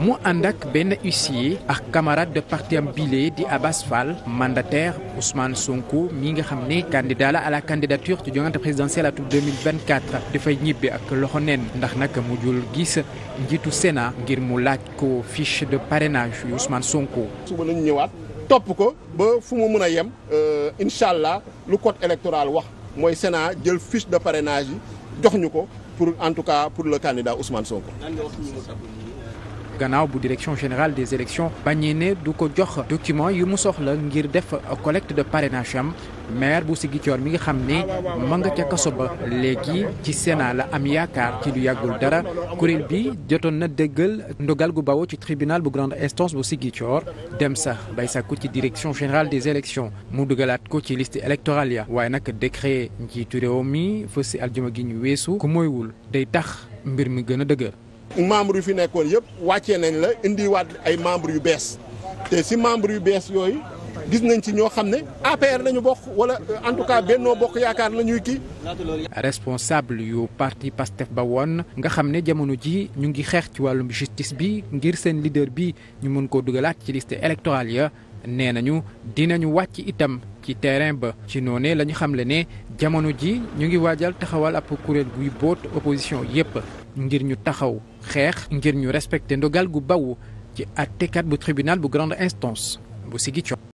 mu ànd ak benn huissier ak camarade de parti am bile di Abass Fall mandataire Ousmane Sonko mi nga xam ne candidat la à la candidature ci joŋante présidentielle atum 2024 dafay ñibbi ak loxo neen ndax nag mujjul gis njiitu Sénat ngir mu laaj ko fiche de parrainage yu Ousmane Sonko. suba lañu ñëwaat topp ko ba fu mu mën a yem euh, incha allah lu kot électoral wax mooy Sénat jël fiche de parrainage yi jox ñu ko pour en tout cas pour le candidat Ousmane Sonko. gannaaw bu direction générale des élections bañee ne du ko jox document yu mu soxla ngir def collecte de parrainage am maire bu Ziguinchor mi nga xam ne ma nga ca kaso ba léegi ci Sénat la am yaakaar ci lu yàggul dara kuréel bi jotoon na déggal ndogal gu bawoo ci tribunal bu grande instance bu Ziguinchor dem sax bay sàkku ci direction générale des élections mu dugalaat ko ci liste électorale ya waaye nag décret njiitu réew mi fës si aljuma gi ñu weesu ku moywul day tax mbir mi gën a dëgër membre yu fi nekkoon yëpp wàccee nañ la indiwaat ay membre yu bees te si membre yu bees yooyu gis nañ ci ñoo xam ne APR nañu bokk wala euh, en tout cas bennoo bokk yaakaar la ñuy kii. responsable yu parti Pastef ba woon nga xam ne jamono ji ñu ngi xeex ci wàllum justice bi ngir seen leader bi ñu mën koo dugalaat ci liste électorale ya nee nañu dinañu wàcc itam. ci terrain ba ci noonee la ñu xamle ne jamono ji ñu ngi waajal taxawal ab kuréel guy boot opposition yépp ngir ñu taxaw xeex ngir ñu respecté ndogal gu baw ci àttekat bu tribunal bu grande instance bu Ziguinchor